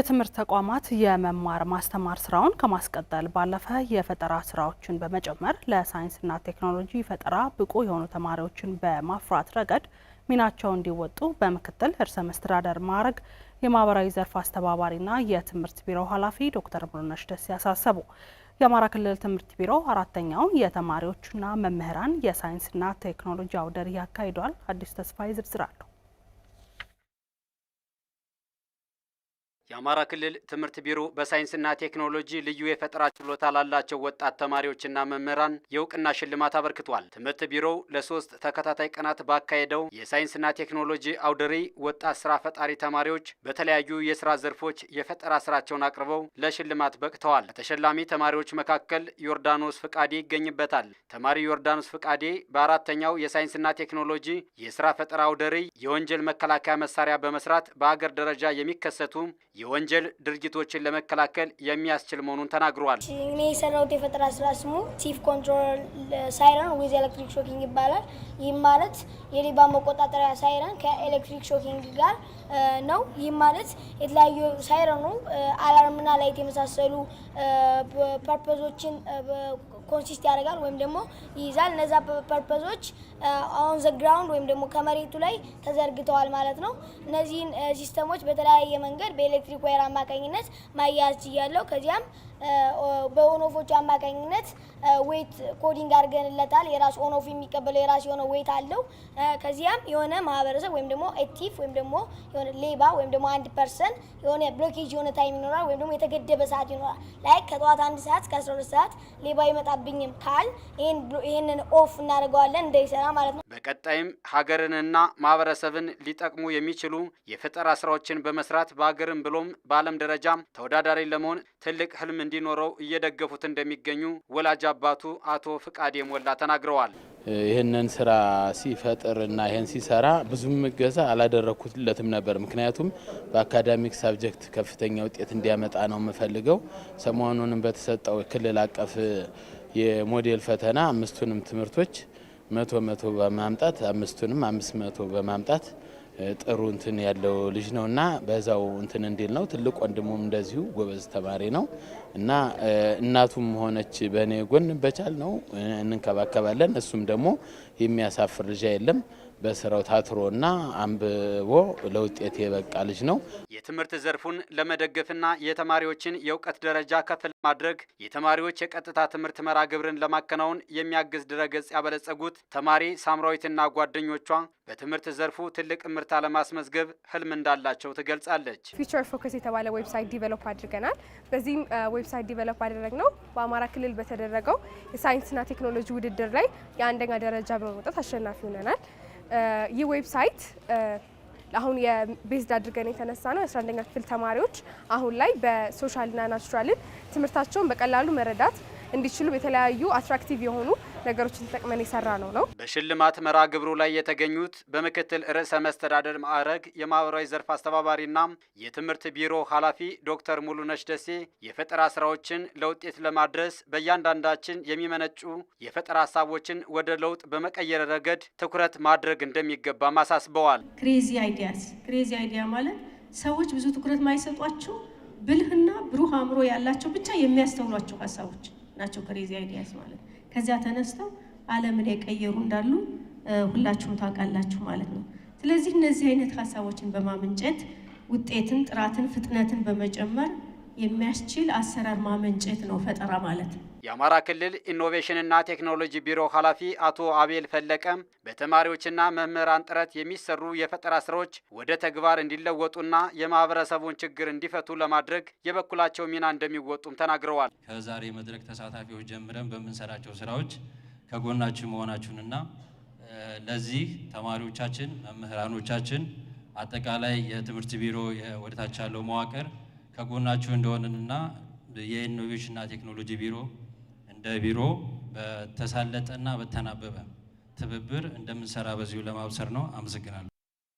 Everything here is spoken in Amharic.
የትምህርት ተቋማት የመማር ማስተማር ስራውን ከማስቀጠል ባለፈ የፈጠራ ስራዎችን በመጨመር ለሳይንስና ቴክኖሎጂ ፈጠራ ብቁ የሆኑ ተማሪዎችን በማፍራት ረገድ ሚናቸው እንዲወጡ በምክትል ርዕሰ መስተዳደር ማዕረግ የማህበራዊ ዘርፍ አስተባባሪና የትምህርት ቢሮ ኃላፊ ዶክተር ሙሉነሽ ደሴ ያሳሰቡ። የአማራ ክልል ትምህርት ቢሮ አራተኛውን የተማሪዎችና መምህራን የሳይንስና ቴክኖሎጂ አውደ ርዕይ ያካሂዷል። አዲሱ ተስፋዬ ዝርዝር አለው። የአማራ ክልል ትምህርት ቢሮ በሳይንስና ቴክኖሎጂ ልዩ የፈጠራ ችሎታ ላላቸው ወጣት ተማሪዎችና መምህራን የእውቅና ሽልማት አበርክቷል። ትምህርት ቢሮው ለሶስት ተከታታይ ቀናት ባካሄደው የሳይንስና ቴክኖሎጂ አውደሪ ወጣት ስራ ፈጣሪ ተማሪዎች በተለያዩ የስራ ዘርፎች የፈጠራ ስራቸውን አቅርበው ለሽልማት በቅተዋል። ከተሸላሚ ተማሪዎች መካከል ዮርዳኖስ ፍቃዴ ይገኝበታል። ተማሪ ዮርዳኖስ ፍቃዴ በአራተኛው የሳይንስና ቴክኖሎጂ የስራ ፈጠራ አውደሪ የወንጀል መከላከያ መሳሪያ በመስራት በአገር ደረጃ የሚከሰቱ የወንጀል ድርጊቶችን ለመከላከል የሚያስችል መሆኑን ተናግረዋል። እኔ የሰራሁት የፈጠራ ስራ ስሙ ቲፍ ኮንትሮል ሳይረን ዊዝ ኤሌክትሪክ ሾኪንግ ይባላል። ይህም ማለት የሌባ መቆጣጠሪያ ሳይረን ከኤሌክትሪክ ሾኪንግ ጋር ነው። ይህም ማለት የተለያዩ ሳይረኑ አላርምና ላይት የመሳሰሉ ፐርፐዞችን ኮንሲስት ያደርጋል ወይም ደግሞ ይይዛል። እነዛ ፐርፐዞች ኦን ዘ ግራውንድ ወይም ደግሞ ከመሬቱ ላይ ተዘርግተዋል ማለት ነው። እነዚህን ሲስተሞች በተለያየ መንገድ በኤሌክትሪክ በኤሌክትሪክ ዋይር አማካኝነት ማያያዝ ችያለሁ። ከዚያም በኦኖፎቹ አማካኝነት ዌት ኮዲንግ አድርገንለታል። የራሱ ኦኖፍ የሚቀበለው የራሱ የሆነ ዌት አለው። ከዚያም የሆነ ማህበረሰብ ወይም ደግሞ ኤቲፍ ወይም ደግሞ የሆነ ሌባ ወይም ደግሞ አንድ ፐርሰን የሆነ ብሎኬጅ የሆነ ታይም ይኖራል፣ ወይም ደግሞ የተገደበ ሰዓት ይኖራል። ላይክ ከጠዋት አንድ ሰዓት እስከ አስራ ሁለት ሰዓት ሌባ አይመጣብኝም ካል ይህንን ኦፍ እናደርገዋለን እንዳይሰራ ማለት ነው። በቀጣይም ሀገርንና ማህበረሰብን ሊጠቅሙ የሚችሉ የፈጠራ ስራዎችን በመስራት በሀገርን ብሎ ብሎም በዓለም ደረጃ ተወዳዳሪ ለመሆን ትልቅ ህልም እንዲኖረው እየደገፉት እንደሚገኙ ወላጅ አባቱ አቶ ፍቃዴ ሞላ ተናግረዋል። ይህንን ስራ ሲፈጥር እና ይህን ሲሰራ ብዙም እገዛ አላደረግኩለትም ነበር። ምክንያቱም በአካዳሚክ ሳብጀክት ከፍተኛ ውጤት እንዲያመጣ ነው የምፈልገው። ሰሞኑንም በተሰጠው ክልል አቀፍ የሞዴል ፈተና አምስቱንም ትምህርቶች መቶ መቶ በማምጣት አምስቱንም አምስት መቶ በማምጣት ጥሩ እንትን ያለው ልጅ ነው እና በዛው እንትን እንዲል ነው። ትልቅ ወንድሙም እንደዚሁ ጎበዝ ተማሪ ነው እና እናቱም ሆነች በእኔ ጎን በቻል ነው እንንከባከባለን። እሱም ደግሞ የሚያሳፍር ልጅ የለም። በስራው ታትሮና አንብቦ ለውጤት የበቃ ልጅ ነው። የትምህርት ዘርፉን ለመደገፍና የተማሪዎችን የእውቀት ደረጃ ከፍ ለማድረግ የተማሪዎች የቀጥታ ትምህርት መራግብርን ግብርን ለማከናወን የሚያግዝ ድረገጽ ያበለጸጉት ተማሪ ሳምራዊትና ጓደኞቿ በትምህርት ዘርፉ ትልቅ ምርታ ለማስመዝገብ ህልም እንዳላቸው ትገልጻለች። ፊቸር ፎከስ የተባለ ዌብሳይት ዲቨሎፕ አድርገናል። በዚህም ዌብሳይት ዲቨሎፕ ነው በአማራ ክልል በተደረገው የሳይንስና ቴክኖሎጂ ውድድር ላይ የአንደኛ ደረጃ በመውጣት አሸናፊ ሆነናል። ይህ ዌብሳይት አሁን የቤዝድ አድርገን የተነሳ ነው። የአስራ አንደኛ ክፍል ተማሪዎች አሁን ላይ በሶሻልና ናቹራልን ትምህርታቸውን በቀላሉ መረዳት እንዲችሉ የተለያዩ አትራክቲቭ የሆኑ ነገሮችን ተጠቅመን የሰራ ነው ነው። በሽልማት መርሃ ግብሩ ላይ የተገኙት በምክትል ርዕሰ መስተዳደር ማዕረግ የማህበራዊ ዘርፍ አስተባባሪና የትምህርት ቢሮ ኃላፊ ዶክተር ሙሉነሽ ደሴ የፈጠራ ስራዎችን ለውጤት ለማድረስ በእያንዳንዳችን የሚመነጩ የፈጠራ ሀሳቦችን ወደ ለውጥ በመቀየር ረገድ ትኩረት ማድረግ እንደሚገባም አሳስበዋል። ክሬዚ አይዲያስ ክሬዚ አይዲያ ማለት ሰዎች ብዙ ትኩረት ማይሰጧቸው ብልህና ብሩህ አእምሮ ያላቸው ብቻ የሚያስተውሏቸው ሀሳቦች ናቸው ክሬዚ አይዲያስ ማለት። ከዚያ ተነስተው ዓለምን የቀየሩ እንዳሉ ሁላችሁም ታውቃላችሁ ማለት ነው። ስለዚህ እነዚህ አይነት ሀሳቦችን በማመንጨት ውጤትን፣ ጥራትን፣ ፍጥነትን በመጨመር የሚያስችል አሰራር ማመንጨት ነው ፈጠራ ማለት። የአማራ ክልል ኢኖቬሽንና ቴክኖሎጂ ቢሮ ኃላፊ አቶ አቤል ፈለቀም በተማሪዎችና መምህራን ጥረት የሚሰሩ የፈጠራ ስራዎች ወደ ተግባር እንዲለወጡና የማህበረሰቡን ችግር እንዲፈቱ ለማድረግ የበኩላቸው ሚና እንደሚወጡም ተናግረዋል። ከዛሬ መድረክ ተሳታፊዎች ጀምረን በምንሰራቸው ስራዎች ከጎናችሁ መሆናችሁንና ለዚህ ተማሪዎቻችን፣ መምህራኖቻችን፣ አጠቃላይ የትምህርት ቢሮ ወደታች ያለው መዋቅር ከጎናችሁ እንደሆንንና የኢኖቬሽንና ቴክኖሎጂ ቢሮ እንደ ቢሮ በተሳለጠና በተናበበ ትብብር እንደምንሰራ በዚሁ ለማብሰር ነው። አመሰግናለሁ።